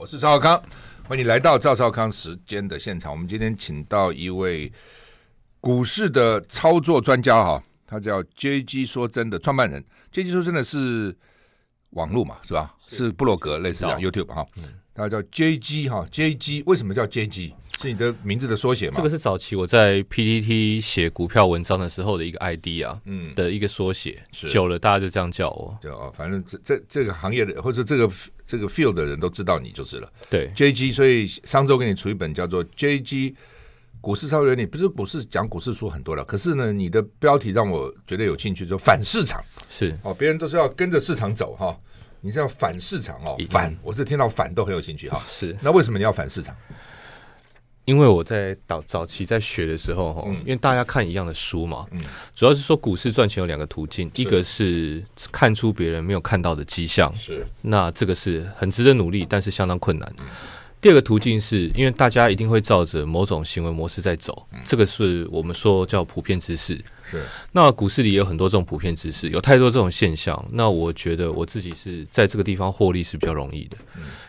我是趙少康，歡迎你來到趙少康時間的現場。我們今天請到一位股市的操作專家，啊，哈，他叫「JG 說真的」的創辦人。JG 說真的是網絡嘛，是吧？是部落格，類似 YouTube 哈。他叫 JG 哈、啊，JG 為什麼叫 JG？是你的名字的縮寫嗎？這個是早期我在 PTT 寫股票文章的時候的一個 ID 啊，嗯，的一個縮寫。是。久了，大家就這樣叫我。對啊、哦，反正這這這個行業的或者這個。這個 field 的人都知道你就是了。對。對，JG，所以上週給你出一本叫做《JG 股市操作原理》，不是股市講，股市書很多了，可是呢，你的標題讓我覺得有興趣，說反市場。是哦，別人都是要跟着市場走哈、哦，你是要反市場哦，反，我是聽到反都很有興趣哈、哦。是，那為什麼你要反市場？因為我在早早期在學的時候哈，因為大家看一樣的書嘛，主要是說股市賺錢有兩個途徑，一個是看出別人沒有看到的跡象，是，那這個是很值得努力，但是相當困難。第二個途徑是因為大家一定會照着某種行為模式在走，這個是我們說叫普遍知識。是，那股市裡也有很多這種普遍知識，有太多這種現象。那我覺得我自己是在這個地方獲利是比較容易的，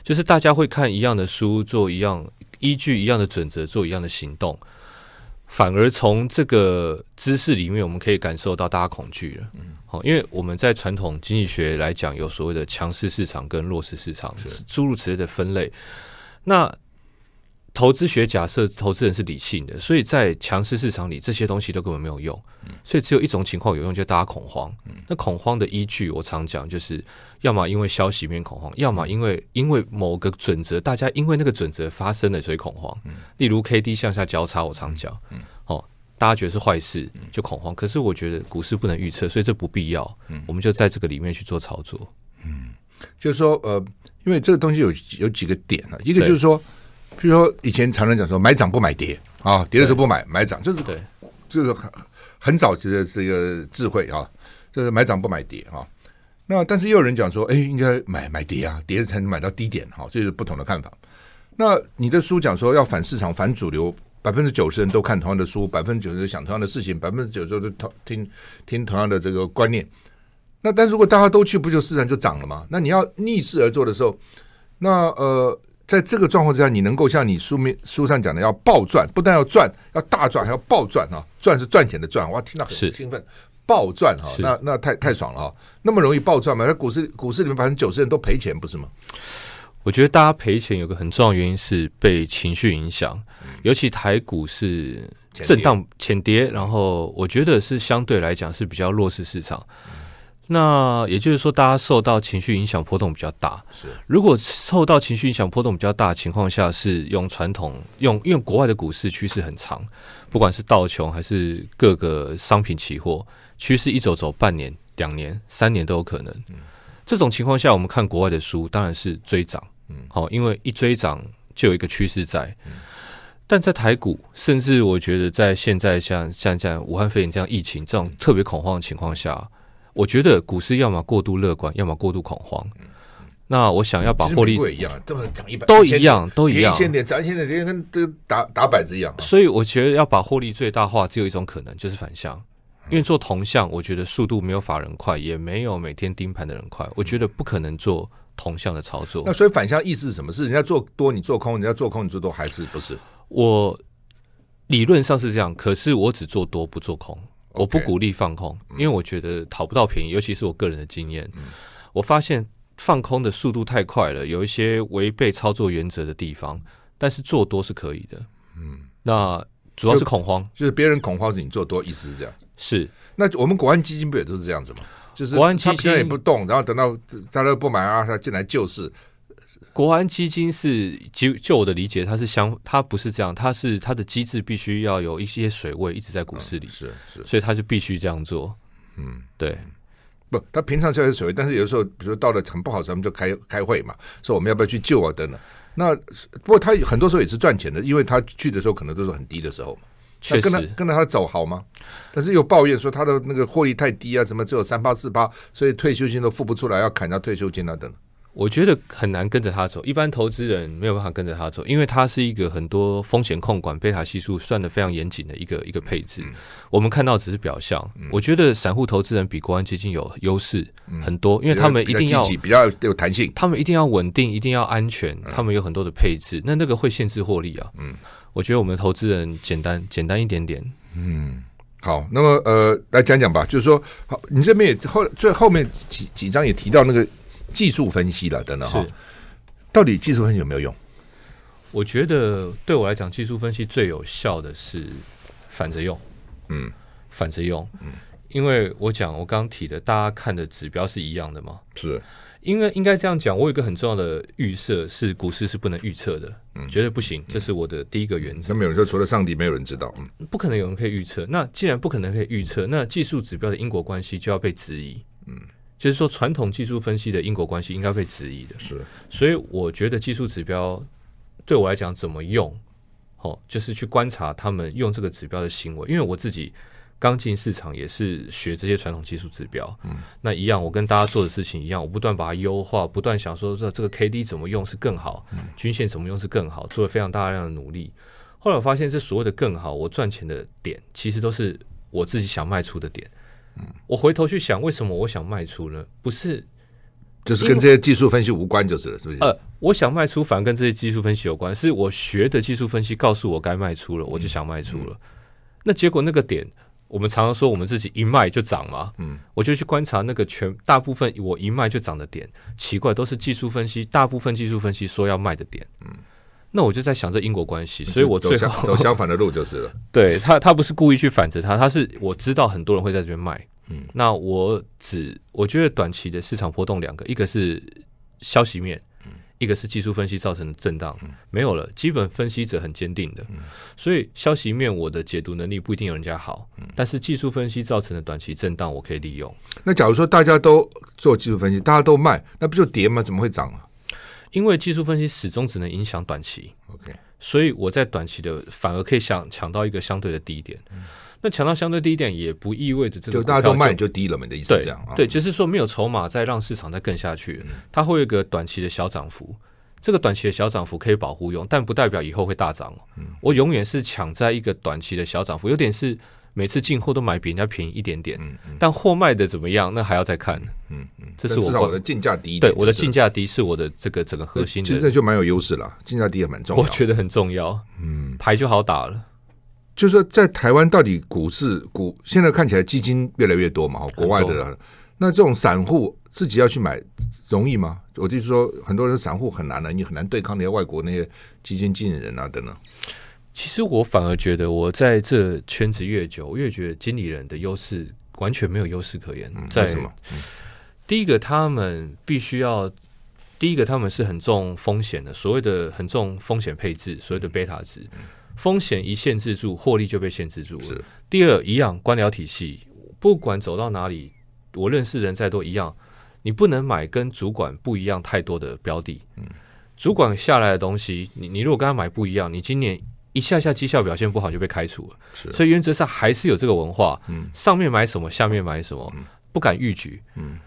就是大家會看一樣的書，做一樣。依據一樣的準則做一樣的行動，反而從這個知識裡面，我們可以感受到大家恐懼了。嗯，好，因為我們在傳統經濟學來講，有所謂的強勢市場跟弱勢市場，諸如此類的分類。那投資學假設投資人是理性的，所以在強勢市場裡，這些東西都根本沒有用，所以只有一種情況有用，就大家恐慌。嗯、那恐慌的依據，我常講，就是要麼因為消息面恐慌，要麼因為因為某個準則，大家因為那個準則發生了，所以恐慌。嗯、例如 KD 向下交叉，我常講，哦、嗯嗯，大家覺得是壞事，就恐慌。可是我覺得股市不能預測，所以這不必要。嗯，我們就在這個裡面去做操作。嗯，就是說，呃，因為這個東西有有幾個點啊，一個就是說。比如說，以前常常講說買漲不買跌啊，跌的時候不買，對，買漲就是對，這個很很早期的這個智慧啊，就是買漲不買跌啊。那但是又有人講說，哎、欸，應該買買跌啊，跌才能買到低點哈、啊，這是不同的看法。那你的書講說要反市場、反主流，百分之九十人都看同樣的書，百分之九十想同樣的事情，百分之九十都聽聽同樣的這個觀念。那但如果大家都去，不就市場就漲了嗎？那你要逆勢而做的時候，那呃。在這個狀況之下，你能夠像你書面書上講的，要爆賺，不但要賺，要大賺，還要爆賺啊！賺是賺錢的賺，我聽到很興奮，爆賺哈，那那太太爽了，那麼容易爆賺嗎？在股市股市裡面90，百分之九十人都賠錢，不是嗎？我覺得大家賠錢有個很重要的原因是被情緒影響，尤其台股是震盪淺碟，然後我覺得是相對來講是比較弱勢市場。那也就是說，大家受到情緒影響波動比較大。是，如果受到情緒影響波動比較大的情況下，是用傳統用，因為國外的股市趨勢很長，不管是道瓊還是各個商品期貨趨勢一走走半年、兩年、三年都有可能。嗯，這種情況下，我們看國外的書當然是追漲。嗯，好，因為一追漲就有一個趨勢在。嗯，但在台股，甚至我覺得在現在像像像武漢肺炎這樣疫情這種特別恐慌的情況下。我覺得股市要麼過度樂觀，要麼過度恐慌。嗯嗯、那我想要把獲利一樣，都一樣都一樣都一樣。咱現在這跟這個打打擺子一樣、啊。所以我覺得要把獲利最大化，只有一種可能，就是反向。嗯、因為做同向，我覺得速度沒有法人快，也沒有每天盯盤的人快。嗯、我覺得不可能做同向的操作。那所以反向意思是什麼？是人家做多你做空，人家做空你做多，還是不是？不是，我理論上是這樣，可是我只做多不做空。Okay, 我不鼓勵放空，因為我覺得討不到便宜，嗯、尤其是我個人的經驗，嗯、我發現放空的速度太快了，有一些違背操作原則的地方。但是做多是可以的，嗯，那主要是恐慌，就是別人恐慌是你做多，意思是這樣。是，那我們國安基金不也都是這樣子嗎？就是國安基金現在也不動，然後等到大家不買啊，他進來救市。國安基金是就就我的理解，它是相，它不是這樣，它是它的機制必須要有一些水位一直在股市裡，是、嗯、是，是，所以它就必須這樣做。嗯，對，不，它平常就是有水位，但是有時候，比如說到了很不好，咱們就開開會嘛，說我們要不要去救啊，等等。那不過它很多時候也是賺錢的，因為它去的時候可能都是很低的時候去確實，跟它跟着它走好嗎？但是又抱怨說它的那個獲利太低啊，什麼只有三趴四趴，所以退休金都付不出來，要砍掉退休金啊。等等。我覺得很難跟着他走，一般投資人沒有辦法跟着他走，因為他是一個很多風險控管、貝塔係數算得非常嚴謹的一個一個配置。嗯、我們看到只是表象。嗯、我覺得散戶投資人比國安基金有優勢很多，嗯、因為他們一定要比較，比較有彈性，他們一定要穩定，一定要安全，嗯、他們有很多的配置，那那個會限制獲利啊。嗯，我覺得我們投資人簡單簡單一點點。嗯，好，那麼呃，來講講吧，就是說，好，你這邊也後最後面幾幾章也提到那個。技術分析了，等等哈是，到底技術分析有沒有用？我覺得對我來講，技術分析最有效的是反着用，嗯，反着著用，嗯，因為我講我剛剛提的，大家看的指標是一樣的嘛？是，因為應該這樣講，我有一個很重要的預設，是股市是不能預測的，嗯，絕對不行，這是我的第一個原則。那沒有人說，除了上帝，沒有人知道，嗯，不可能有人可以預測。那既然不可能可以預測，那技術指標的因果關係就要被質疑，嗯。就是說，傳統技術分析的因果關係應該被質疑的。是，所以我覺得技術指標對我來講怎麼用，好，就是去觀察他們用這個指標的行為。因為我自己剛進市場也是學這些傳統技術指標。嗯，那一樣，我跟大家做的事情一樣，我不斷把它優化，不斷想說這這個 KD 怎麼用是更好，均線怎麼用是更好，做了非常大量的努力。後來我發現，這所謂的更好，我賺錢的點其實都是我自己想賣出的點。我回頭去想，為什麼我想賣出呢？不是，就是跟這些技術分析無關就是了，是不是？呃，我想賣出，反而跟這些技術分析有關。是我學的技術分析告訴我該賣出了，我就想賣出了。嗯嗯、那結果那個點，我們常常說我們自己一賣就漲嘛。嗯，我就去觀察那個全大部分我一賣就漲的點，奇怪，都是技術分析，大部分技術分析說要賣的點。嗯。那我就在想這因果關係，所以我走走、嗯、相，相反的路就是了。對，他，他不是故意去反着，他他是我知道很多人會在這邊賣，嗯，那我只我覺得短期的市場波動兩個，一個是消息面，嗯，一個是技術分析造成的震盪，嗯、沒有了。基本分析者很堅定的，嗯、所以消息面我的解讀能力不一定有人家好，嗯、但是技術分析造成的短期震盪我可以利用。那假如說大家都做技術分析，大家都賣，那不就跌嗎？怎麼會漲啊？因為技術分析始終只能影響短期，OK，所以我在短期的反而可以想搶到一個相對的低點。嗯、那搶到相對低點，也不意味着這個就就大家都賣就低了嘛的意思、啊？對，對，就是說沒有籌碼再讓市場再更下去，嗯、它會有一個短期的小漲幅。這個短期的小漲幅可以保護用，但不代表以後會大漲。嗯、我永遠是搶在一個短期的小漲幅，有點是。每次進貨都買比人家便宜一點點，嗯嗯、但貨賣的怎麼樣，那還要再看。嗯嗯，嗯嗯這是我我的進價低。對我的進價低是我的這個整個核心，其實這就蠻有優勢了。進價低也蠻重要，我覺得很重要。嗯，牌就好打了。就是說在台灣，到底股市股現在看起來基金越來越多嘛？國外的、啊、多那這種散戶自己要去買容易嗎？我就是說，很多人散戶很難了，你很難對抗那些外國那些基金經理人啊等等。其實我反而覺得，我在這圈子越久，我越覺得經理人的優勢完全沒有優勢可言。在、嗯、什麼？嗯、第一個，他們必須要；第一個，他們是很重風險的，所謂的很重風險配置，所謂的貝塔值，嗯嗯、風險一限制住，獲利就被限制住了。是的。第二，一樣官僚體系，不管走到哪裡，我認識人再多，一樣，你不能買跟主管不一樣太多的標的。嗯、主管下來的東西，你你如果跟他買不一樣，你今年。一下下績效表現不好就被開除了，是 所以原則上還是有這個文化，嗯，上面買什麼，下面買什麼，不敢逾矩。嗯，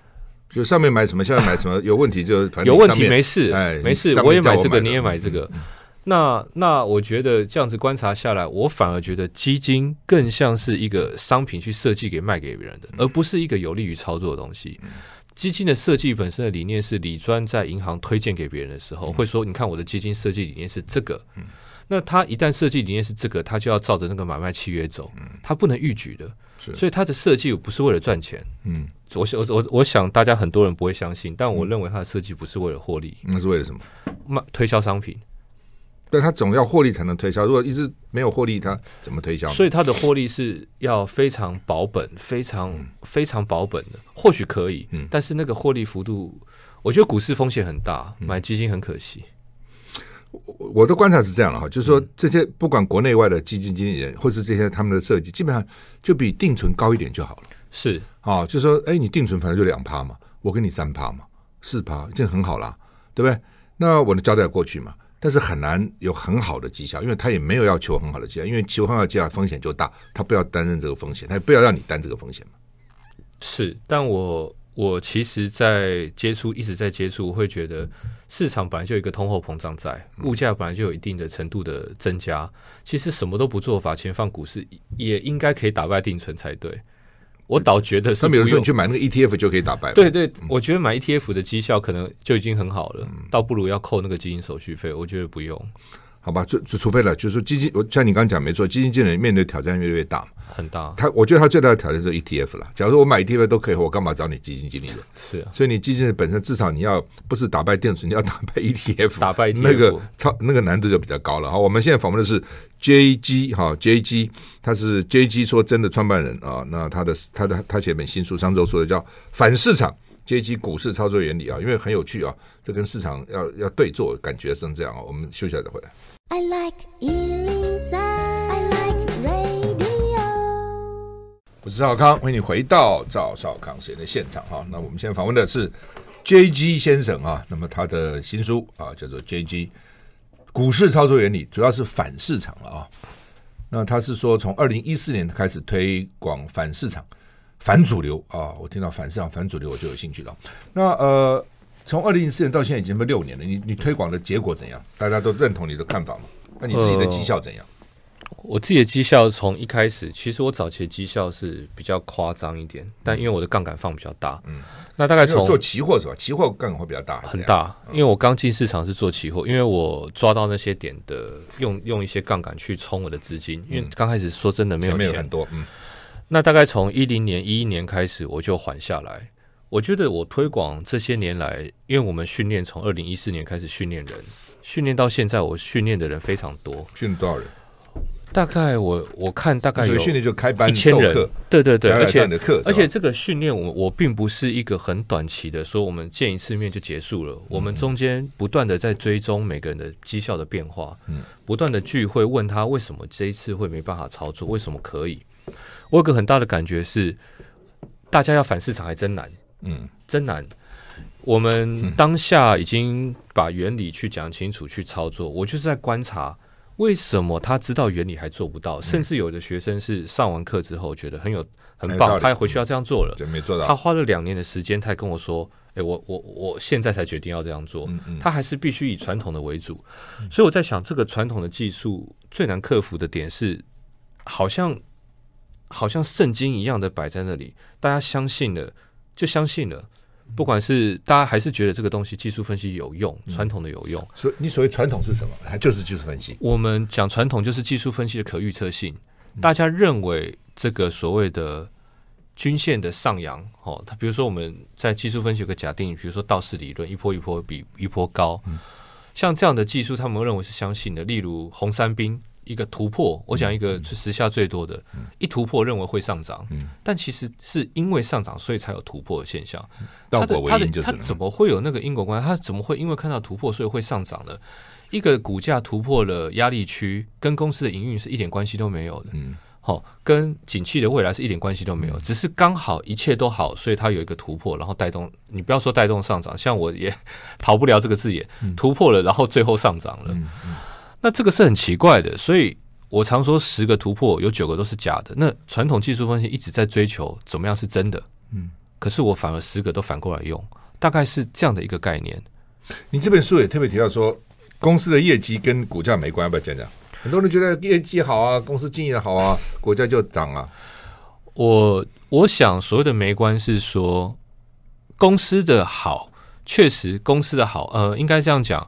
就上面買什麼，下面買什麼有問題就團體有問題，沒事，哎，沒事，我也買這個，你也買這個、嗯嗯那，那那我覺得這樣子觀察下來，我反而覺得基金更像是一個商品去設計給賣給別人的，而不是一個有利於操作的東西。基金的設計本身的理念是理專在銀行推薦給別人的時候會說，你看我的基金設計理念是這個，嗯。嗯那他一旦設計理念是這個，他就要照着那個買賣契約走，嗯、他不能逾矩的。是，所以他的設計不是為了賺錢。嗯，我我我我想大家很多人不會相信，但我認為他的設計不是為了獲利、嗯嗯，那是為了什麼？賣推銷商品。對，他總要獲利才能推銷，如果一直沒有獲利，他怎麼推銷？所以他的獲利是要非常保本，非常、嗯、非常保本的。或許可以，嗯，但是那個獲利幅度，我覺得股市風險很大，買基金很可惜。我的觀察是這樣的哈，就是說，這些不管國內外的基金經理人，或是這些他們的設計，基本上就比定存高一點就好了。是啊、哦，就是說，哎、欸，你定存反正就兩趴嘛，我給你三趴嘛，四趴，這很好啦，對不對？那我能交代過去嘛？但是很難有很好的績效，因為他也沒有要求很好的績效，因為求很好的績效風險就大，他不要擔任這個風險，他也不要讓你擔這個風險嘛。是，但我。我其實，在接觸一直在接觸，我會覺得市場本來就有一個通貨膨脹在，物價本來就有一定的程度的增加。其實什麼都不做，把錢放股市也應該可以打敗定存才對。我倒覺得是，那比如說你去買那個 ETF 就可以打敗。對，對對，我覺得買 ETF 的績效可能就已經很好了，倒不如要扣那個基金手續費，我覺得不用。好吧，就就除非了，就是說基金，我像你剛剛講沒錯，基金經理面對挑戰越來越大，很大。他我覺得他最大的挑戰是 ETF 啦。假如說我買 ETF 都可以，我幹嘛找你基金經理人？是啊，所以你基金本身至少你要不是打敗電子，你要打敗 ETF，打敗 T F 那個超那個難度就比較高了。好，我們現在訪問的是 JG 哈、哦、，JG 他是 JG 說真的創辦人啊、哦。那他的他的他寫本新書上周說的叫反市場 JG 股市操作原理啊，因為很有趣啊，這跟市場要要對做感覺是這樣啊、哦。我們休息一下再回來。I like l i e n i z g I like radio. 我是少康，歡迎你回到趙少康時間的現場哈。那我們現在訪問的是 JG 先生啊，那麼他的新書啊叫做《JG 股市操作原理》，主要是反市場了啊。那他是說從二零一四年開始推廣反市場、反主流啊。我聽到反市場、反主流我就有興趣了。那呃。從二零一四年到現在已經快六年了，你你推廣的結果怎樣？大家都認同你的看法嗎？那你自己的績效怎樣？呃、我自己的績效從一開始，其實我早期的績效是比較誇張一點，嗯、但因為我的槓桿放比較大，嗯，那大概從做期貨是吧？期貨槓桿會比較大，很大，嗯、因為我剛進市場是做期貨，因為我抓到那些點的，用用一些槓桿去充我的資金，嗯、因為剛開始說真的沒有沒有很多，嗯，那大概從一零年一一年開始我就緩下來。我覺得我推廣這些年來，因為我們訓練從二零一四年開始訓練人，訓練到現在，我訓練的人非常多，訓多少人？大概我我看大概有一千人，對對對，而且而且這個訓練我我並不是一個很短期的，說我們見一次面就結束了，嗯，我們中間不斷的在追蹤每個人的績效的變化，嗯，不斷的聚會問他為什麼這一次會沒辦法操作，嗯，為什麼可以？我有一個很大的感覺是，大家要反市場還真難。嗯，真難。我們當下已經把原理去講清楚，嗯、去操作。我就是在觀察，為什麼他知道原理還做不到？嗯、甚至有的學生是上完課之後覺得很有很棒，他還回去要這樣做了，嗯嗯、沒做到。他花了兩年的時間，他跟我說：“哎，我我我現在才決定要這樣做。嗯”嗯、他還是必須以傳統的為主。嗯、所以我在想，這個傳統的技術最難克服的點是，好像好像聖經一樣的擺在那裡，大家相信了。就相信了，不管是大家還是覺得這個東西技術分析有用，傳統的有用。所以你所謂傳統是什麼？它就是技術分析。我們講傳統就是技術分析的可預測性。大家認為這個所謂的均線的上揚，哦，它比如說我們在技術分析有個假定，比如說道氏理論，一波一波比一波高，像這樣的技術他們認為是相信的。例如紅三兵。一個突破，我講一個是時下最多的，嗯嗯、一突破認為會上漲，嗯、但其實是因為上漲，所以才有突破的現象。嗯、它的它的、嗯、它怎麼會有那個因果關係？嗯、它怎麼會因為看到突破，所以會上漲呢？嗯、一個股價突破了壓力區，跟公司的營運是一點關係都沒有的。嗯，好，跟景氣的未來是一點關係都沒有，只是剛好一切都好，所以它有一個突破，然後帶動。你不要說帶動上漲，像我也 逃不了這個字眼。嗯、突破了，然後最後上漲了。嗯嗯嗯那這個是很奇怪的，所以我常說十個突破有九個都是假的。那傳統技術分析一直在追求怎麼樣是真的？嗯，可是我反而十個都反過來用，大概是這樣的一個概念。你這本書也特別提到說，公司的業績跟股價沒關係，要不要講講？很多人覺得業績好啊，公司經營好啊，股價就漲了啊。 我我想所謂的沒關係，是說公司的好，確實公司的好，呃，應該這樣講。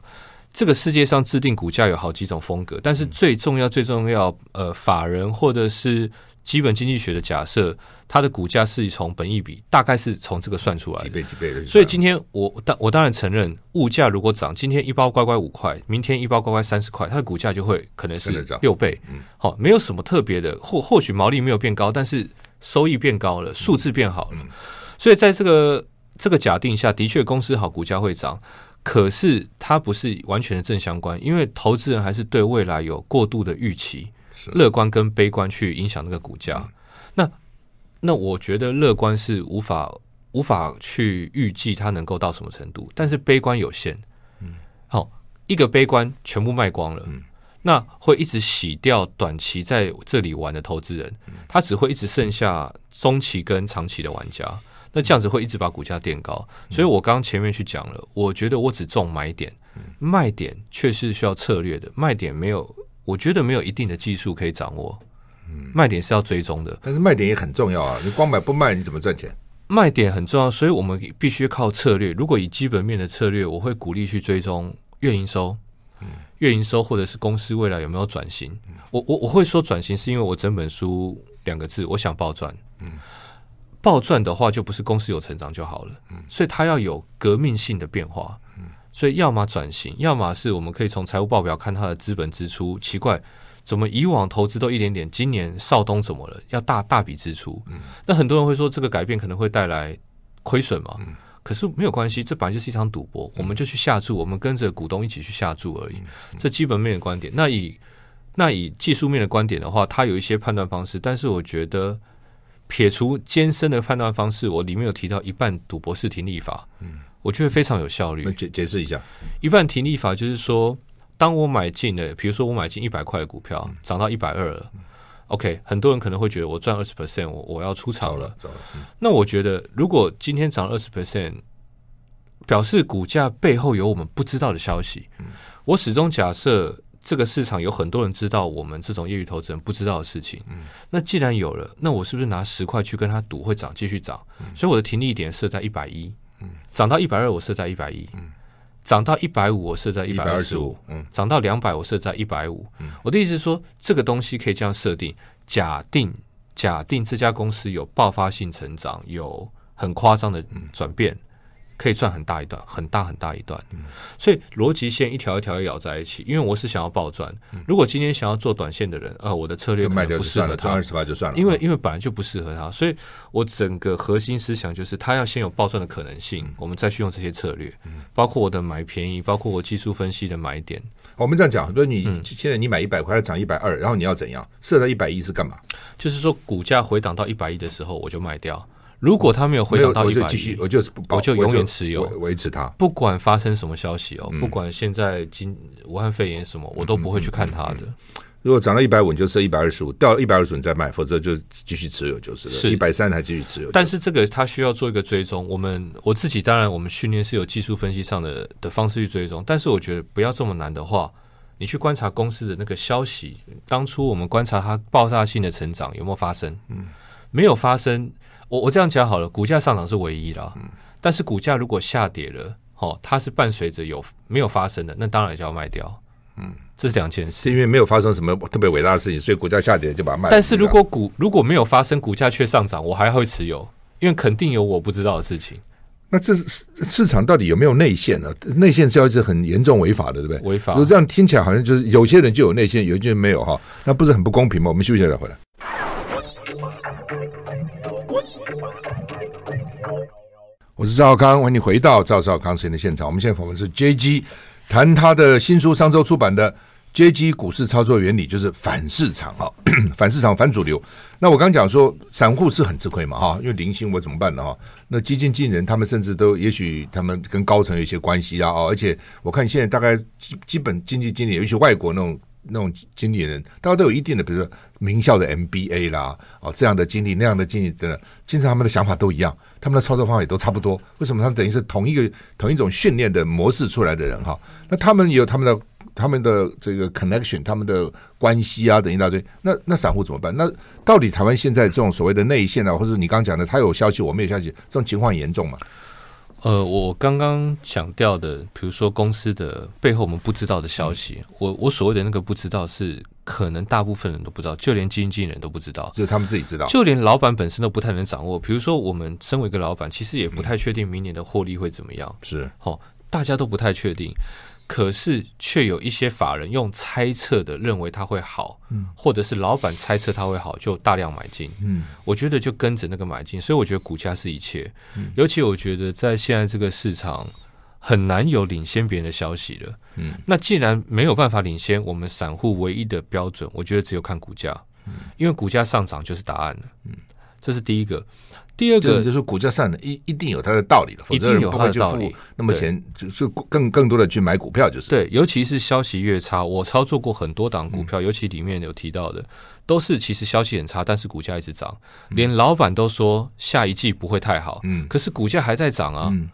這個世界上制定股價有好幾種風格，但是最重要、最重要，呃，法人或者是基本經濟學的假設，它的股價是從本益比，大概是從這個算出來的，幾倍幾倍的。倍所以今天我當我當然承認，物價如果漲，今天一包乖乖五塊，明天一包乖乖三十塊，它的股價就會可能是六倍。嗯，好，沒有什麼特別的，或或許毛利沒有變高，但是收益變高了，數字變好了，嗯，所以在這個這個假定下的確公司好，股價會漲。可是它不是完全的正相關，因為投資人還是對未來有過度的預期，是、樂觀跟悲觀去影響那個股價。嗯、那那我覺得樂觀是無法無法去預計它能夠到什麼程度，但是悲觀有限。嗯，好，一個悲觀全部賣光了，嗯、那會一直洗掉短期在這裡玩的投資人，嗯、他只會一直剩下中期跟長期的玩家。那這樣子會一直把股價墊高，所以我剛前面去講了，我覺得我只重買點，嗯、賣點卻是需要策略的，賣點沒有，我覺得沒有一定的技術可以掌握，嗯，賣點是要追蹤的，但是賣點也很重要啊，你光買不賣，你怎麼賺錢？賣點很重要，所以我們必須靠策略。如果以基本面的策略，我會鼓勵去追蹤月營收，嗯、月營收或者是公司未來有沒有轉型，嗯、我我我會說轉型是因為我整本書兩個字，我想包賺，嗯。暴賺的話，就不是公司有成長就好了，嗯、所以它要有革命性的變化。嗯、所以要麼轉型，要麼是我們可以從財務報表看它的資本支出。奇怪，怎麼以往投資都一點點，今年少東怎麼了？要大大筆支出？嗯、那很多人會說，這個改變可能會帶來虧損嘛？嗯、可是沒有關係，這本來就是一場賭博，嗯、我們就去下注，我們跟着股東一起去下注而已。嗯嗯、這基本面的觀點，那以那以技術面的觀點的話，它有一些判斷方式，但是我覺得。撇除艱深的判斷方式，我裡面有提到一半賭博式停利法，嗯，我覺得非常有效率。解解釋一下，一半停利法就是說，當我買進的，比如說我買進一百塊的股票，漲、嗯、到一百二了、嗯、，OK，很多人可能會覺得我賺二十 percent，我我要出場了。嗯、那我覺得，如果今天漲二十 percent，表示股價背後有我們不知道的消息。嗯、我始終假設。這個市場有很多人知道我們這種業餘投資人不知道的事情。嗯，那既然有了，那我是不是拿十塊去跟他賭會漲，繼續漲？嗯，所以我的停利點設在一百一，漲到一百二我設在一百一，漲到一百五我設在一百二十五，嗯，漲到兩百我設在一百五。嗯，我的意思是說，這個東西可以這樣設定：假定，假定這家公司有爆發性成長，有很誇張的轉變。嗯可以賺很大一段，很大很大一段。嗯、所以邏輯線一條一條咬在一起，因為我是想要暴賺。如果今天想要做短線的人，呃，我的策略可能不適合，賺二十八就算了。因為因為本來就不適合他，所以我整個核心思想就是，他要先有暴賺的可能性，我們再去用這些策略。包括我的買便宜，包括我技術分析的買點。我們這樣講，比如你現在你買一百塊，漲一百二，然後你要怎樣設在一百一是幹嘛？就是說股價回檔到一百一的時候，我就賣掉。如果它沒有回調到一百，我就我就永遠持有維持它，不管發生什麼消息哦，不管現在今武漢肺炎什麼，我都不會去看它的。如果漲到一百五，你就設一百二十五，掉一百二十五，你再賣，否則就繼續持有就是了，是，一百三還繼續持有。但是這個它需要做一個追蹤，我們我自己當然我們訓練是有技術分析上的的方式去追蹤，但是我覺得不要這麼難的話，你去觀察公司的那個消息，當初我們觀察它爆炸性的成長有沒有發生，嗯，沒有發生。我我這樣講好了，股價上漲是唯一了，嗯，但是股價如果下跌了，哦，它是伴隨着有沒有發生的，那當然就要賣掉，嗯，這是兩件事。是因為沒有發生什麼特別偉大的事情，所以股價下跌就把它賣掉。但是如果股如果沒有發生，股價卻上漲，我還會持有，因為肯定有我不知道的事情。那這市場到底有沒有內線呢？啊？內線是要是很嚴重違法的，對不對？違法。這樣聽起來好像就是有些人就有內線，有些人沒有哈，那不是很不公平嗎？我們休息一下再回來。嗯我是趙少康，歡迎回到趙少康連線的現場。我們現在訪問是 JG，談他的新書商周出版的《JG 股市操作原理》，就是反市場啊、哦，反市場，反主流。那我剛講說，散戶是很吃虧嘛、啊，因為零星，我怎麼辦呢？啊、那基金進人，他們甚至都也許他們跟高層有一些關係啊，啊，而且我看現在大概基基本經濟經理有一些外國那種。那種經理人，大家都有一定的，比如說名校的 MBA 啦，哦，這樣的經歷，那樣的經歷，等等，經常他們的想法都一樣，他們的操作方法也都差不多。為什麼他們等於是同一個同一種訓練的模式出來的人哈？那他們也有他們的他們的這個 connection，他們的關係啊，等一大堆。那那散戶怎麼辦？那到底台灣現在這種所謂的內線啊，或者你剛講的他有消息，我沒有消息，這種情況嚴重嗎？呃，我剛剛強調的，比如說公司的背後我們不知道的消息，嗯、我我所謂的那個不知道是可能大部分人都不知道，就連經紀人都不知道，只有他們自己知道，就連老闆本身都不太能掌握。比如說，我們身為一個老闆，其實也不太確定明年的獲利會怎麼樣，是、嗯，好，大家都不太確定。可是，卻有一些法人用猜測的認為它會好，嗯，或者是老闆猜測它會好，就大量買進。嗯，我覺得就跟着那個買進，所以我覺得股價是一切。嗯，尤其我覺得在現在這個市場很難有領先別人的消息了。嗯，那既然沒有辦法領先，我們散戶唯一的標準，我覺得只有看股價。嗯，因為股價上漲就是答案了。這是第一個。第二個就是說股價上漲一一定有它的道理的，否則人不會去付那麼錢，就是更更多的去買股票，就是對。尤其是消息越差，我操作過很多檔股票，嗯、尤其裡面有提到的，都是其實消息很差，但是股價一直漲，連老板都說下一季不會太好，嗯，可是股價還在漲啊，嗯、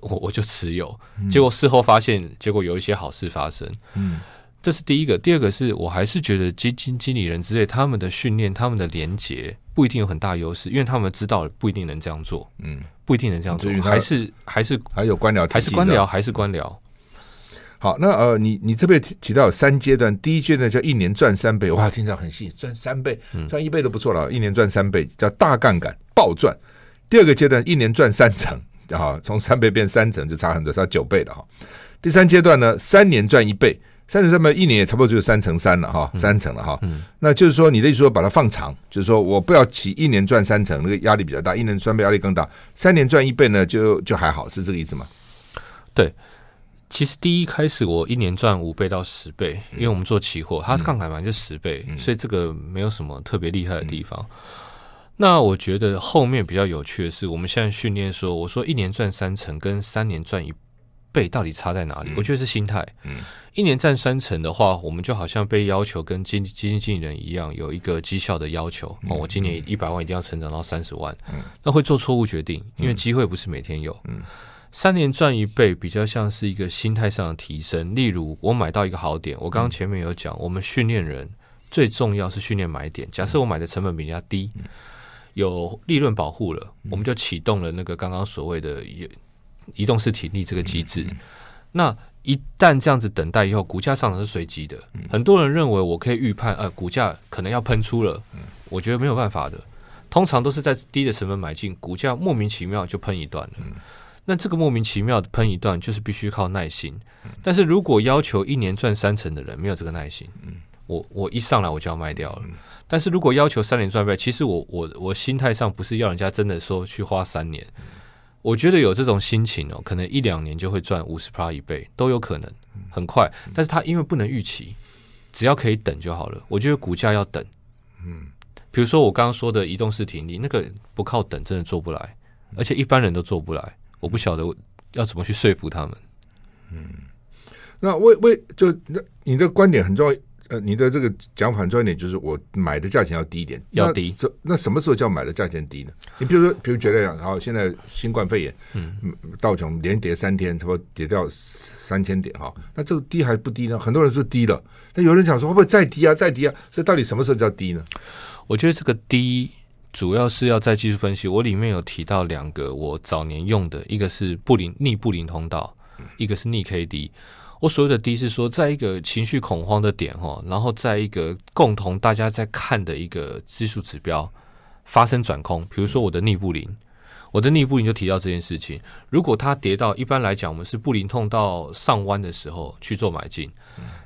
我我就持有，結果事後發現，結果有一些好事發生，嗯。嗯這是第一個，第二個是我還是覺得基金經理人之類他們的訓練、他們的連結，不一定有很大優勢，因為他們知道不一定能這樣做，嗯，不一定能這樣做，於還是還是還有官僚體，還是官僚，還是官僚。好，那呃，你你特別提到有三階段，第一階段叫一年賺三倍，哇，聽講很細，賺三倍，賺一倍都不錯了，一年賺三倍叫大槓桿暴賺。第二個階段一年賺三成，啊，從三倍變三成就差很多，差九倍了哈。第三階段呢，三年賺一倍。三年三倍一年也差不多就是三成三了哈，三成了哈。嗯、那就是說你的意思說把它放長，嗯、就是說我不要期一年賺三成，那個壓力比較大，一年賺倍壓力更大。三年賺一倍呢，就就還好，是這個意思嗎？對，其實第一開始我一年賺五倍到十倍，因為我們做期貨，嗯、它的槓桿嘛就十倍，嗯、所以這個沒有什麼特別厲害的地方。嗯、那我覺得後面比較有趣的是，我們現在訓練說，我說一年賺三成跟三年賺一倍。倍到底差在哪裡？我覺得是心態、嗯。嗯，一年賺三成的話，我們就好像被要求跟經基金經理人一樣，有一個績效的要求。哦，我今年一百萬一定要成長到三十萬。那、嗯嗯、會做錯誤決定，因為機會不是每天有。嗯，嗯三年賺一倍比較像是一個心態上的提升。例如，我買到一個好點，我剛剛前面有講，嗯、我們訓練人最重要是訓練買點。假設我買的成本比較低，嗯、有利潤保護了，嗯、我們就啟動了那個剛剛所謂的移動式體力這個機制，那一旦這樣子等待以後，股價上漲是隨機的。很多人認為我可以預判，呃，股價可能要噴出了，我覺得沒有辦法的。通常都是在低的成本買進，股價莫名其妙就噴一段了。那這個莫名其妙的噴一段，就是必須靠耐心。但是如果要求一年賺三成的人，沒有這個耐心，嗯，我我一上來我就要賣掉了。但是如果要求三年賺一倍，其實我我我心態上不是要人家真的說去花三年。我覺得有這種心情哦，可能一兩年就會賺五十趴、一倍都有可能，很快。嗯嗯、但是它因為不能預期，只要可以等就好了。我覺得股價要等，嗯，比如說我剛剛說的移動式停，你那個不靠等真的做不來，嗯、而且一般人都做不來。嗯、我不曉得要怎麼去說服他們。嗯，那為為就那你的觀點很重要。呃，你的這個講反重點，就是我買的價錢要低一點，要低。那那什麼時候叫買的價錢低呢？你比如說，比如覺得然後，現在新冠肺炎，嗯，道瓊連跌三天，差不多跌掉三千點哈，哦？那這個低還不低呢？很多人說低了，但有人講說會不會再低啊？再低啊？這到底什麼時候叫低呢？我覺得這個低主要是要在技術分析，我裡面有提到兩個，我早年用的一個是布林逆布林通道，一個是逆 K D、嗯。我所謂的低，是說，在一個情緒恐慌的點哈，然後在一個共同大家在看的一個技術指標發生轉空，比如說我的逆布林，我的逆布林就提到這件事情。如果它跌到，一般來講，我們是布林通道上彎的時候去做買進，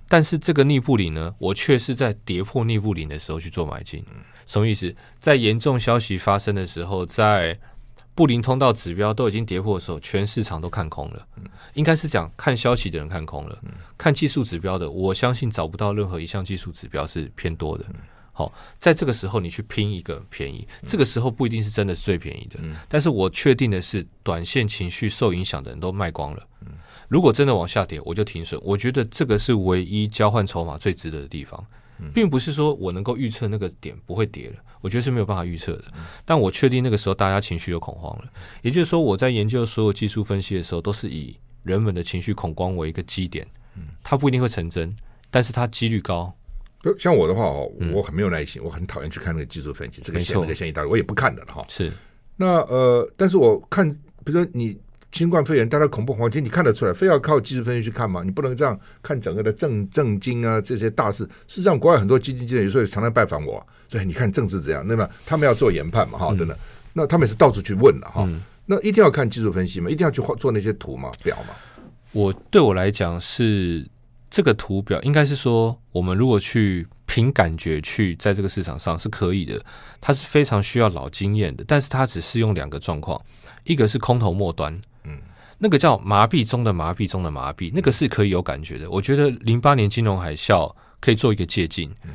但是這個逆布林呢，我卻是在跌破逆布林的時候去做買進。什麼意思？在嚴重消息發生的時候，在。布林通道指標都已經跌破的時候，全市場都看空了。應該是講看消息的人看空了。看技術指標的，我相信找不到任何一項技術指標是偏多的。好，在這個時候你去拼一個便宜，這個時候不一定是真的是最便宜的。但是我確定的是，短線情緒受影響的人都賣光了。如果真的往下跌，我就停損。我覺得這個是唯一交換籌碼最值得的地方。並不是說我能夠預測那個點不會跌了，我覺得是沒有辦法預測的。嗯、但我確定那個時候大家情緒有恐慌了，也就是說我在研究所有技術分析的時候，都是以人們的情緒恐慌為一個基點。嗯，它不一定會成真，但是它幾率高。像我的話、哦，我很沒有耐心，嗯、我很討厭去看那個技術分析，錯這個線那個線一大堆，我也不看的了哈。是，那呃，但是我看，比如說你。新冠肺炎帶來恐怖環境，你看得出來，非要靠技術分析去看嘛？你不能這樣看整個的政政經啊這些大事。事實上，國外很多基金經理有時候也常來拜訪我、啊，所以你看政治怎樣，那麼他們要做研判嘛，嗯、哈，真的，那他們也是到處去問的、嗯、哈。那一定要看技術分析嘛？一定要去畫做那些圖嘛、表嘛？我對我來講是這個圖表，應該是說我們如果去憑感覺去在這個市場上是可以的，它是非常需要老經驗的，但是它只適用兩個狀況，一個是空頭末端。那個叫麻痹中的麻痹中的麻痹，嗯、那個是可以有感覺的。我覺得零八年金融海嘯可以做一個借鑒，嗯、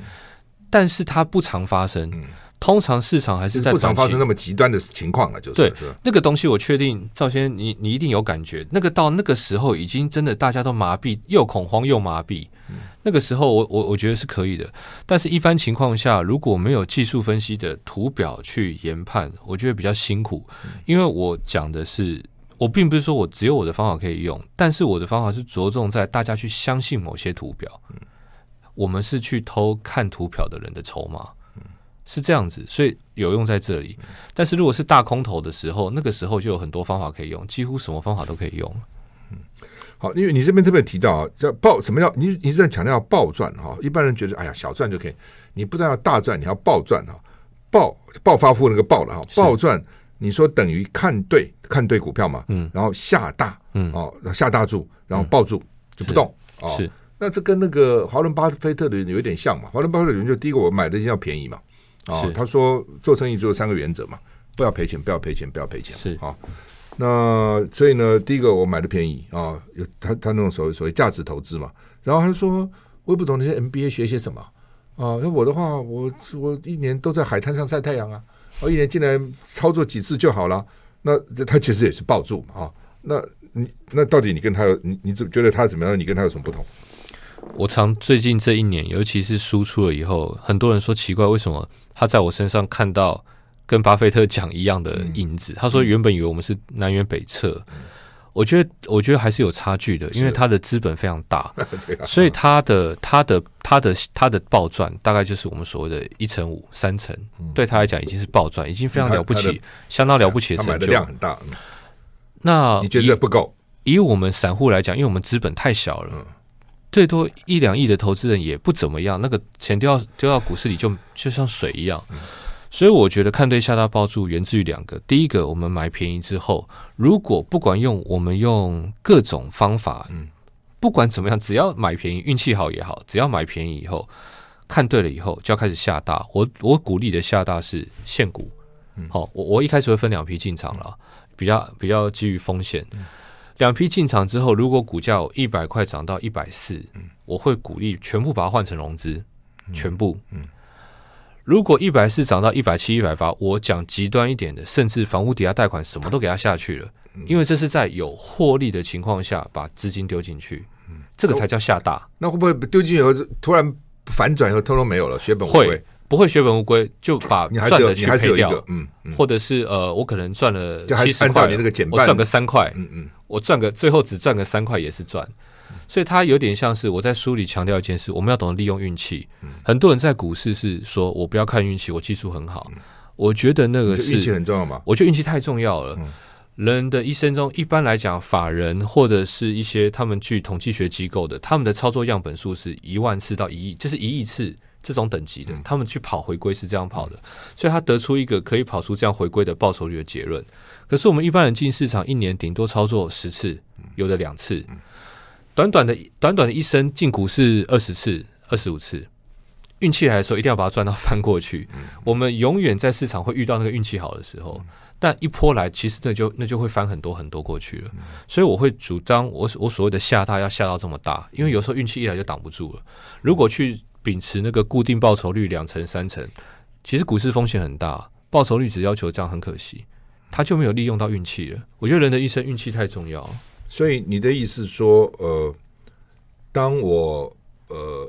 但是它不常發生。嗯、通常市場還是在是不常發生那麼極端的情況啊，就是，對，是吧那個東西。我確定，趙先生你，你你一定有感覺。那個到那個時候，已經真的大家都麻痹，又恐慌又麻痹。嗯、那個時候我，我我我覺得是可以的。但是一般情況下，如果沒有技術分析的圖表去研判，我覺得比較辛苦。因為我講的是。嗯我並不是說我只有我的方法可以用，但是我的方法是着重在大家去相信某些圖表。嗯，我們是去偷看圖表的人的籌碼，是這樣子，所以有用在這裡。但是如果是大空頭的時候，那個時候就有很多方法可以用，幾乎什麼方法都可以用。嗯，好，因為你這邊特別提到啊，叫暴，什麼叫你？你是在強調要暴賺哈？一般人覺得哎呀，小賺就可以，你不但要大賺，你要暴賺哈，暴暴發戶那個暴了哈，暴賺。暴你說等於看對看對股票嘛，嗯、然後下大、嗯、哦下大注，然後抱住、嗯、就不動。是哦，是那這跟那個華倫巴菲特的有點像嘛？華倫巴菲特的人就第一個我買的要便宜嘛啊。哦、是他說做生意只有三個原則嘛，不要賠錢，不要賠錢，不要賠錢是啊、哦。那所以呢，第一個我買的便宜啊、哦，有他他那種所謂所謂價值投資嘛。然後他就說我也不懂那些 MBA 學些什麼啊。那我的話我我一年都在海灘上曬太陽啊。我一年進來操作幾次就好了，那這他其實也是抱住啊？那你那到底你跟他有你你怎麼覺得他怎麼樣？你跟他有什麼不同？我常最近這一年，尤其是輸出了以後，很多人說奇怪，為什麼他在我身上看到跟巴菲特講一樣的影子？嗯，他說原本以為我們是南轅北轍。嗯嗯我覺得，我覺得還是有差距的，因為他的資本非常大，是 啊、所以他的、他的、他的、他的暴賺，大概就是我們所謂的一成五、三成，嗯、對他來講已經是暴賺，已經非常了不起，相當了不起的成就。量很大。嗯、那以你覺得不夠？以我們散戶來講，因為我們資本太小了，嗯、最多一兩億的投資人也不怎麼樣，那個錢丟到丟到股市裡就，就就像水一樣。嗯所以我覺得看對下大報酬源自於兩個，第一個我們買便宜之後，如果不管用我們用各種方法，不管怎麼樣，只要買便宜，運氣好也好，只要買便宜以後看對了以後就要開始下大。我我鼓勵的下大是現股，好，我我一開始會分兩批進場了，比較比較基於風險，兩批進場之後，如果股價有一百塊漲到一百四，我會鼓勵全部把它換成融資，全部嗯。如果一百四漲到一百七、一百八，我講極端一點的，甚至房屋抵押貸款什麼都給它下去了，因為這是在有獲利的情況下把資金丟進去，嗯啊、這個才叫下大。那會不會丟進去後突然反轉又通通沒有了？血本無歸。不會血本無歸。就把賺的全賠掉，還有，還有一個？嗯，嗯或者是呃，我可能賺了七十塊，我賺個三塊，嗯嗯，我賺個最後只賺個三塊也是賺。所以，他有點像是我在書裡強調一件事：我們要懂得利用運氣。很多人在股市是說，我不要看運氣，我技術很好。我覺得那個是運氣很重要嗎？我覺得運氣太重要了。人的一生中，一般來講，法人或者是一些他們去統計學機構的，他們的操作樣本數是一萬次到一億，就是一億次這種等級的，他們去跑回歸是這樣跑的，所以他得出一個可以跑出這樣回歸的報酬率的結論。可是我們一般人進市場一年頂多操作十次，有的兩次。短短的一短短的一生，進股市二十次、二十五次，運氣來的時候，一定要把它賺到翻過去。嗯、我們永遠在市場會遇到那個運氣好的時候，嗯、但一波來，其實那就那就會翻很多很多過去了。嗯、所以我會主張，我我所謂的下大要下到這麼大，因為有時候運氣一來就擋不住了。如果去秉持那個固定報酬率兩成、三成，其實股市風險很大，報酬率只要求這樣很可惜，它就沒有利用到運氣了。我覺得人的一生運氣太重要。所以你的意思說，呃，當我呃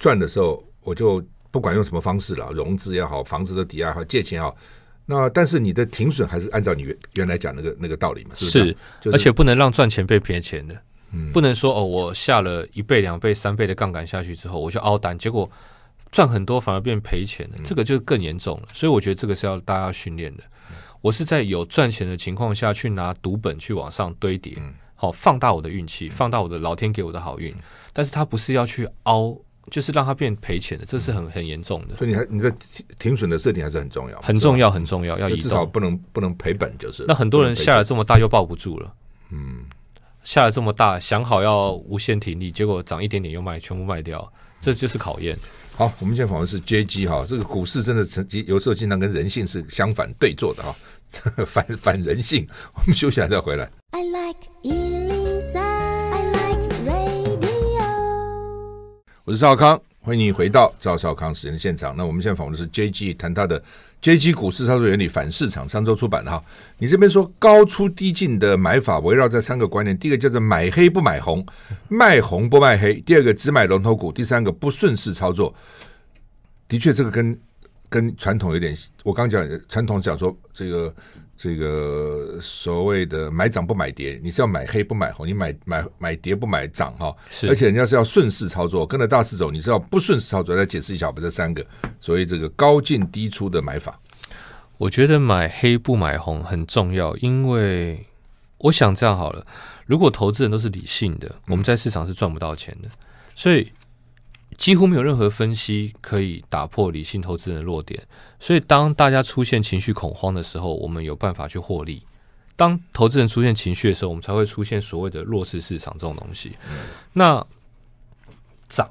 賺的時候，我就不管用什麼方式了，融資也好，房子的抵押也好，借錢也好，那但是你的停損還是按照你原來講那個那個道理嘛，是不是？是，就是，而且不能讓賺錢被賠錢的，嗯、不能說哦，我下了一倍、兩倍、三倍的槓桿下去之後，我就凹單，結果賺很多反而變賠錢的，嗯、這個就更嚴重了。所以我覺得這個是要大家訓練的。我是在有賺錢的情況下去拿賭本去往上堆疊。嗯好，放大我的運氣，放大我的老天給我的好運，嗯、但是他不是要去凹，就是讓他變賠錢的，這是很很嚴重的、嗯。所以你還你在停損的設定還是很重要，很重要，吧很重要，要至少不能不能賠本，就是。那很多人下了這麼大又抱不住了，嗯，下了這麼大想好要無限停利結果漲一點點又賣，全部賣掉，嗯、這就是考驗。好，我們現在訪問是 JG 哈，這個股市真的曾經有時候經常跟人性是相反對做的哈。 反反人性，我們休息下再回來。我是少康，歡迎你回到趙少康時間的現場。那我們現在訪問的是 J G，談他的《J G 股市操作原理反市場》，上周出版的哈。你這邊說高出低進的買法，圍繞這三個觀念：第一個叫做買黑不買紅，賣紅不賣黑；第二個只買龍頭股；第三個不順勢操作。的確，這個跟。跟傳統有點，我剛講傳統講說、這個，這個這個所謂的買漲不買跌，你是要買黑不買紅，你買買買跌不買漲哈。而且人家是要順勢操作，跟着大勢走，你是要不順勢操作。再解釋一下，我們這三個，所謂這個高進低出的買法，我覺得買黑不買紅很重要，因為我想這樣好了，如果投資人都是理性的，我們在市場是賺不到錢的，嗯、所以。幾乎沒有任何分析可以打破理性投資人的弱點，所以當大家出現情緒恐慌的時候，我們有辦法去獲利。當投資人出現情緒的時候，我們才會出現所謂的弱勢市場這種東西。嗯那。那，漲，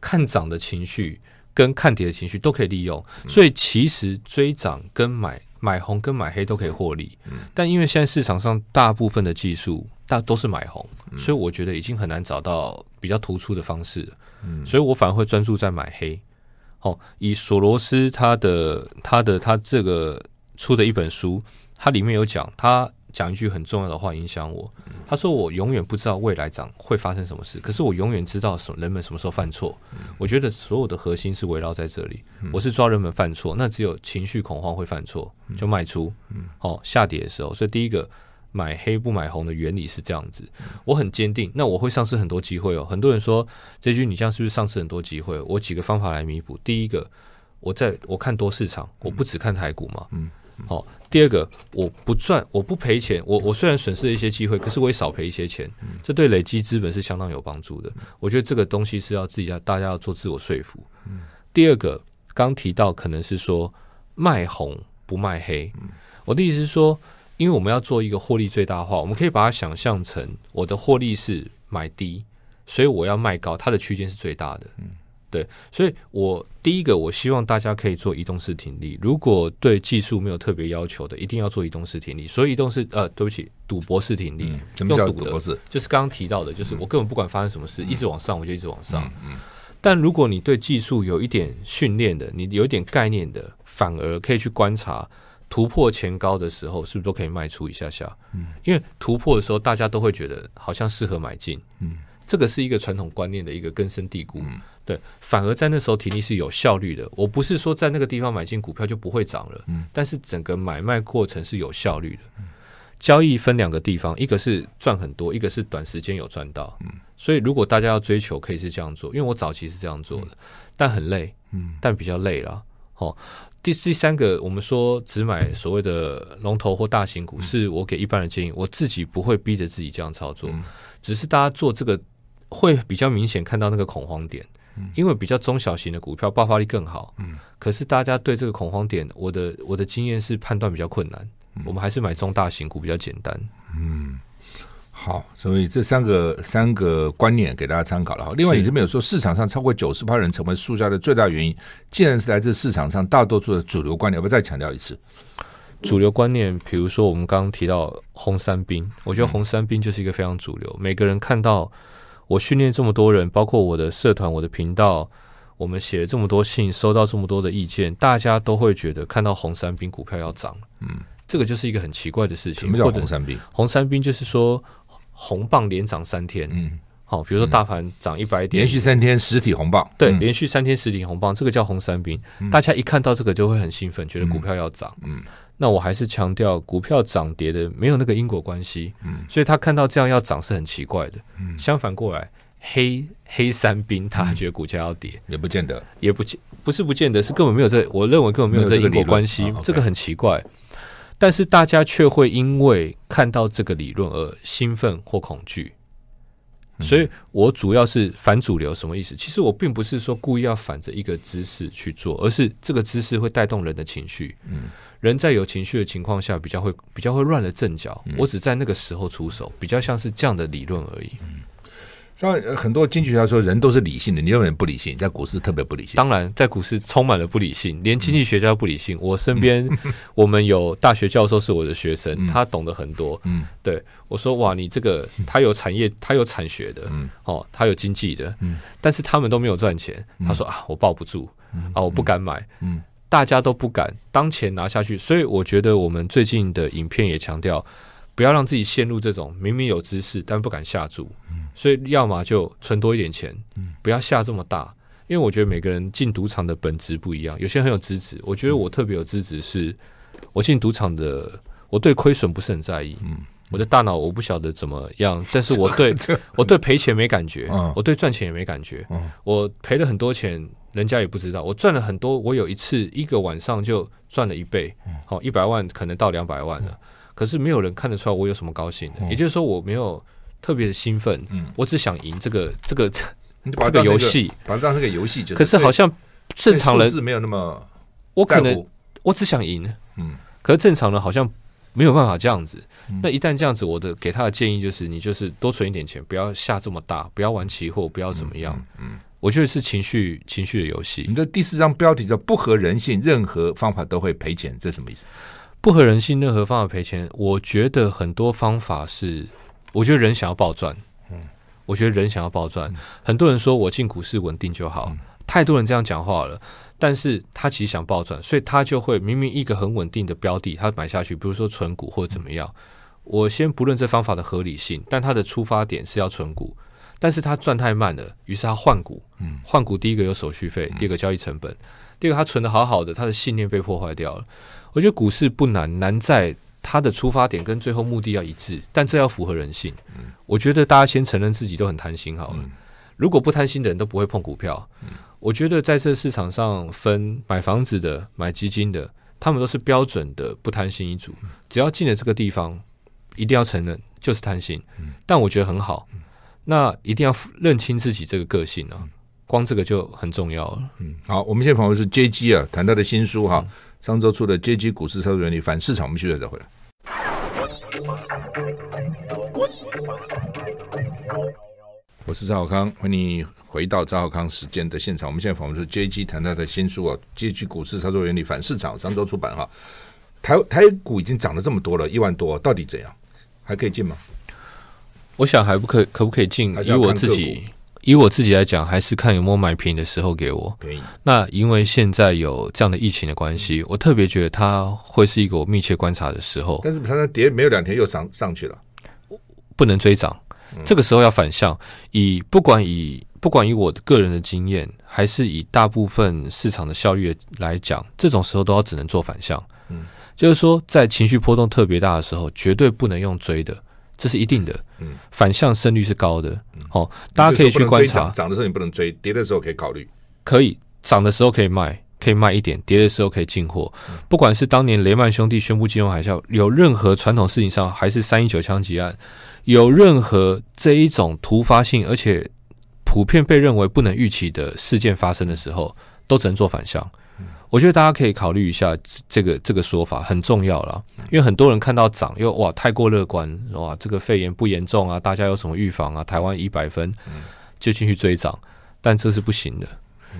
看漲的情緒跟看跌的情緒都可以利用，所以其實追漲跟買買紅跟買黑都可以獲利。但因為現在市場上大部分的技術大都是買紅，所以我覺得已經很難找到比較突出的方式。嗯，所以我反而會專注在買黑。哦，以索羅斯他的他的他這個出的一本書，它裡面有講，他講一句很重要的話影響我。嗯、他說我永遠不知道未來將會發生什麼事，可是我永遠知道什麼人們什麼時候犯錯。嗯、我覺得所有的核心是圍繞在這裡，嗯、我是抓人們犯錯，那只有情緒恐慌會犯錯，就賣出。哦，下跌的時候，所以第一個。買黑不買紅的原理是這樣子，我很堅定。那我會喪失很多機會哦。很多人說這句，你這樣是不是喪失很多機會？我幾個方法來彌補。第一個，我在我看多市場，嗯、我不只看台股嘛。嗯，好、嗯哦。第二個，我不賺，我不賠錢。我我雖然損失了一些機會，可是我也少賠一些錢，這對累積資本是相當有幫助的。嗯、我覺得這個東西是要自己要大家要做自我說服。嗯、第二個，剛提到可能是說賣紅不賣黑。嗯、我的意思是說。因為我們要做一個獲利最大化，我們可以把它想象成我的獲利是買低，所以我要賣高，它的區間是最大的。嗯，對，所以我第一個，我希望大家可以做移動式停利，如果對技術沒有特別要求的，一定要做移動式停利。所以移動式呃，對不起，賭博式停利。什麼叫賭博式？就是剛剛提到的，就是我根本不管發生什麼事，一直往上我就一直往上。嗯，嗯嗯，但如果你對技術有一點訓練的，你有一點概念的，反而可以去觀察。突破前高的時候，是不是都可以賣出一下下？嗯，因為突破的時候，大家都會覺得好像適合買進。嗯，這個是一個傳統觀念的一個根深蒂固。嗯，對，反而在那時候體力是有效率的。我不是說在那個地方買進股票就不會漲了。嗯，但是整個買賣過程是有效率的。嗯，交易分兩個地方，一個是賺很多，一個是短時間有賺到。嗯，所以如果大家要追求，可以是這樣做，因為我早期是這樣做的，嗯，但很累。嗯，但比較累了。哦。第第三個，我們說只買所謂的龍頭或大型股，是我給一般人建議。我自己不會逼着自己這樣操作，只是大家做這個會比較明顯看到那個恐慌點，因為比較中小型的股票爆發力更好。可是大家對這個恐慌點，我的我的經驗是判斷比較困難。我們還是買中大型股比較簡單。嗯。好，所以這三個三個觀念給大家參考了哈。另外，你這邊有說，市場上超過九十趴人成為輸家的最大原因，竟然是來自市場上大多數的主流觀念。要不要再強調一次？主流觀念，比如說我們剛剛提到紅三兵，我覺得紅三兵就是一個非常主流。嗯，每個人看到，我訓練這麼多人，包括我的社團、我的頻道，我們寫了這麼多信，收到這麼多的意見，大家都會覺得看到紅三兵股票要漲。嗯，這個就是一個很奇怪的事情。什麼叫紅三兵？紅三兵就是說。紅棒連漲三天，嗯，好，比如說大盤漲一百點，連續三天實體紅棒，對，連續三天實體紅棒，這個叫紅三兵，大家一看到這個就會很興奮，覺得股票要漲，嗯，那我還是強調，股票漲跌的沒有那個因果關係，嗯，所以他看到這樣要漲是很奇怪的，嗯，相反過來，黑黑三兵他覺得股價要跌，也不見得，也不見不是不見得，是根本沒有這，我認為根本沒有這個因果關係，這個很奇怪。但是大家卻會因為看到這個理論而興奮或恐懼，所以我主要是反主流什麼意思？其實我並不是說故意要反着一個姿勢去做，而是這個姿勢會帶動人的情緒。人在有情緒的情況下比較會比較會亂了陣腳。我只在那個時候出手，比較像是這樣的理論而已。像很多經濟學家說，人都是理性的，你認為，人不理性，在股市特別不理性。當然，在股市充滿了不理性，連經濟學家都不理性。我身邊我們有大學教授是我的學生，嗯、他懂得很多。嗯，嗯對我說：“哇，你這個他有產業，嗯、他有產學的，嗯、哦，他有經濟的，嗯、但是他們都沒有賺錢。”他說：“啊，我抱不住，嗯、啊，我不敢買。嗯”嗯，大家都不敢，當錢拿下去。所以，我覺得我們最近的影片也強調。不要讓自己陷入這種明明有知識，但不敢下注，所以要麼就存多一點錢，不要下這麼大。因為我覺得每個人進賭場的本質不一樣，有些人很有資質。我覺得我特別有資質是，我進賭場的，我對虧損不是很在意。我的大腦我不曉得怎麼樣，但是我對我對賠錢沒感覺，我對賺錢也沒感覺。我賠了很多錢，人家也不知道。我賺了很多，我有一次一個晚上就賺了一倍，好一百萬可能到兩百萬了。可是沒有人看得出來我有什麼高興的，嗯、也就是說我沒有特別的興奮，嗯，我只想贏這個這個、嗯、 這個遊戲，把它當成個遊戲。可是好像正常人是沒有那麼，我可能我只想贏，嗯。可是正常人好像沒有辦法這樣子。那一旦這樣子，我的給他的建議就是，你就是多存一點錢，不要下這麼大，不要玩期貨，不要怎麼樣。嗯，我覺得是情緒情緒的遊戲。你的第四張標題叫“不合人性”，任何方法都會賠錢，這是什麼意思？不合人性，任何方法賠錢，我覺得很多方法是，我覺得人想要暴賺，嗯，我覺得人想要暴賺，嗯、很多人說我進股市穩定就好，嗯、太多人這樣講話了，但是他其實想暴賺，所以他就會明明一個很穩定的標的他買下去，比如說存股或者怎麼樣，嗯、我先不論這方法的合理性，但他的出發點是要存股，但是他賺太慢了，於是他換股，嗯，換股第一個有手續費，嗯、第二個交易成本，第二個他存得好好的，他的信念被破壞掉了。我覺得股市不難，難在它的出發點跟最後目的要一致，但這要符合人性。嗯、我覺得大家先承認自己都很貪心好了。嗯、如果不貪心的人，都不會碰股票。嗯、我覺得在這市場上分買房子的、買基金的，他們都是標準的不貪心一族。嗯、只要進了這個地方，一定要承認就是貪心。嗯、但我覺得很好，嗯、那一定要認清自己這個個性啊。嗯光這個就很重要了。嗯，好，我們現在訪問是 JG 啊，談到的新書哈、啊，商周出的《JG 股市操作原理：反市場》，我們接下來再回來。我是趙少康，歡迎回到趙少康時間的現場。我們現在訪問是 JG，談到的新書啊，《JG 股市操作原理：反市場》，商周出版哈、啊。台台股已經漲了這麼多了一萬多，到底怎樣，還可以進嗎？我想還不可可不可以進？以我自己。以我自己來講，還是看有沒有買平的時候給我可以。那因為現在有這樣的疫情的關係，我特別覺得它會是一個我密切觀察的時候。但是它的跌沒有兩天又上上去了，不能追漲。這個時候要反向。以不管以不管以我的個人的經驗，還是以大部分市場的效率來講，這種時候都要只能做反向。嗯，就是說在情緒波動特別大的時候，絕對不能用追的。這是一定的，嗯，反向勝率是高的，嗯，大家可以去觀察。漲、嗯就是，的時候你不能追，跌的時候可以考慮，可以漲的時候可以賣，可以賣一點，跌的時候可以進貨。不管是當年雷曼兄弟宣布金融海嘯，有任何傳統事情上，還是三一九槍擊案，有任何這一種突發性而且普遍被認為不能預期的事件發生的時候，都只能做反向。我覺得大家可以考慮一下這個這個說法很重要了，因為很多人看到漲又哇，太過樂觀，哇，這個肺炎不嚴重啊，大家有什麼預防啊？台灣一百分，就進去追漲，但這是不行的。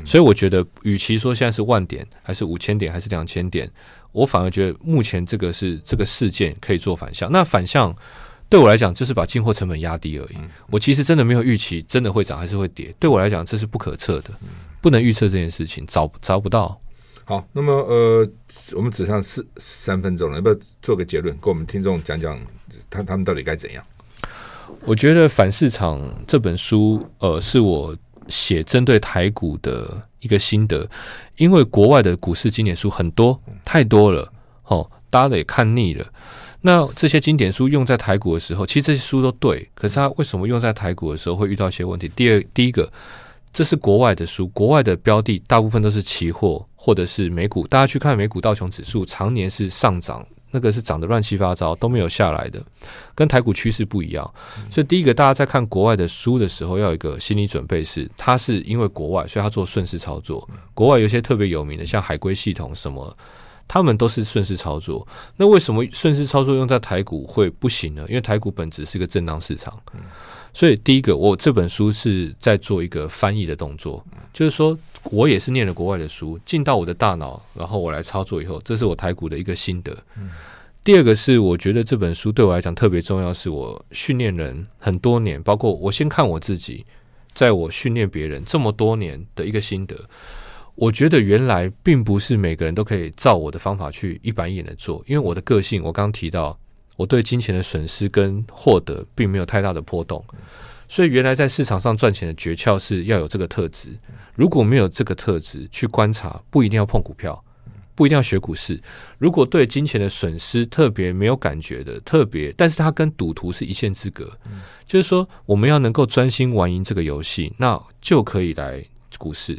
所以我覺得，與其說現在是萬點還是五千點還是兩千點，我反而覺得目前這個是這個事件可以做反向。那反向對我來講就是把進貨成本壓低而已。我其實真的沒有預期真的會漲還是會跌，對我來講這是不可測的，不能預測這件事情，找找不到。好，那麼呃，我們只剩四三分鐘了，要不要做個結論，跟我們聽眾講講，他他們到底該怎樣？我覺得《反市場》這本書，呃，是我寫針對台股的一個心得，因為國外的股市經典書很多，太多了，哦，大家也看膩了。那這些經典書用在台股的時候，其實這些書都對，可是它為什麼用在台股的時候會遇到一些問題？第二，第一個。這是國外的書，國外的標的大部分都是期貨或者是美股。大家去看美股道瓊指數，常年是上漲，那個是漲得亂七八糟，都沒有下來的，跟台股趨勢不一樣。嗯、所以，第一個大家在看國外的書的時候，要有一個心理準備，是它是因為國外，所以它做順勢操作。嗯、國外有些特別有名的，像海龜系統什麼，他們都是順勢操作。那為什麼順勢操作用在台股會不行呢？因為台股本質是個震盪市場。嗯所以，第一個，我這本書是在做一個翻譯的動作，就是說我也是念了國外的書，進到我的大腦，然後我來操作以後，這是我台股的一個心得。第二個是，我覺得這本書對我來講特別重要，是我訓練人很多年，包括我先看我自己，在我訓練別人這麼多年的一個心得。我覺得原來並不是每個人都可以照我的方法去一板一眼的做，因為我的個性，我剛提到。我對金錢的損失跟獲得並沒有太大的波動，所以原來在市場上賺錢的訣竅是要有這個特質。如果沒有這個特質，去觀察，不一定要碰股票，不一定要學股市。如果對金錢的損失特別沒有感覺的，特別，但是它跟賭徒是一線之隔，嗯、就是說我們要能夠專心玩贏這個遊戲，那就可以來股市。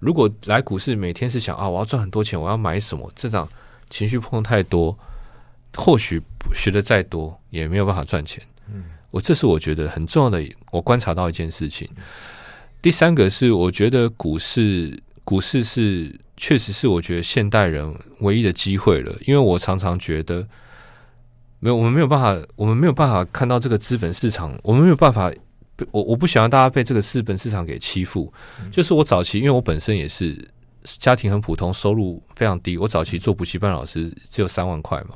如果來股市每天是想啊，我要賺很多錢，我要買什麼？這樣情緒碰太多，或許。學的再多也沒有辦法賺錢。嗯，我這是我覺得很重要的。我觀察到一件事情。第三個是，我覺得股市，股市是確實是我覺得現代人唯一的機會了。因為我常常覺得，沒有，我們沒有辦法，我們沒有辦法看到這個資本市場，我們沒有辦法。我我不想讓大家被這個資本市場給欺負。就是我早期，因為我本身也是家庭很普通，收入非常低。我早期做補習班老師，只有三萬塊嘛。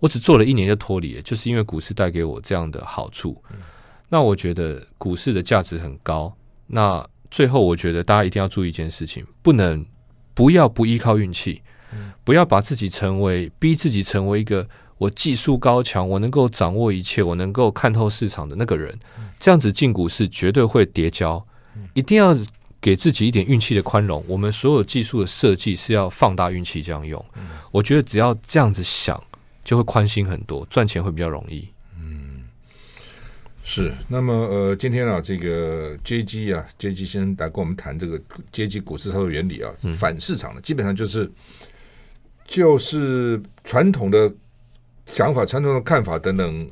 我只做了一年就脫離了，就是因為股市帶給我這樣的好處。那我覺得股市的價值很高。那最後，我覺得大家一定要注意一件事情：不能不要不依靠運氣，不要把自己成為逼自己成為一個我技術高強、我能夠掌握一切、我能夠看透市場的那個人。這樣子進股市絕對會跌跤。一定要給自己一點運氣的寬容。我們所有技術的設計是要放大運氣這樣用。我覺得只要這樣子想。就會寬心很多，賺錢會比較容易。嗯，是。那麼呃，今天啊，這個 JG 啊，JG 先來跟我們談這個 JG 股市操作原理啊，嗯、反市場的基本上就是就是傳統的想法、傳統的看法等等。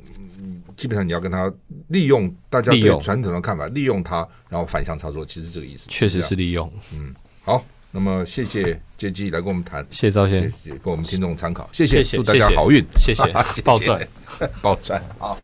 基本上你要跟他利用大家對傳統的看法，利用它，然後反向操作，其實這個意思，確實是利用。嗯，好。那麼，謝謝杰基來跟我們談，謝謝趙先生，給我們聽眾參考，謝謝，謝謝祝大家好運謝謝哈哈，謝謝，保重，保重好。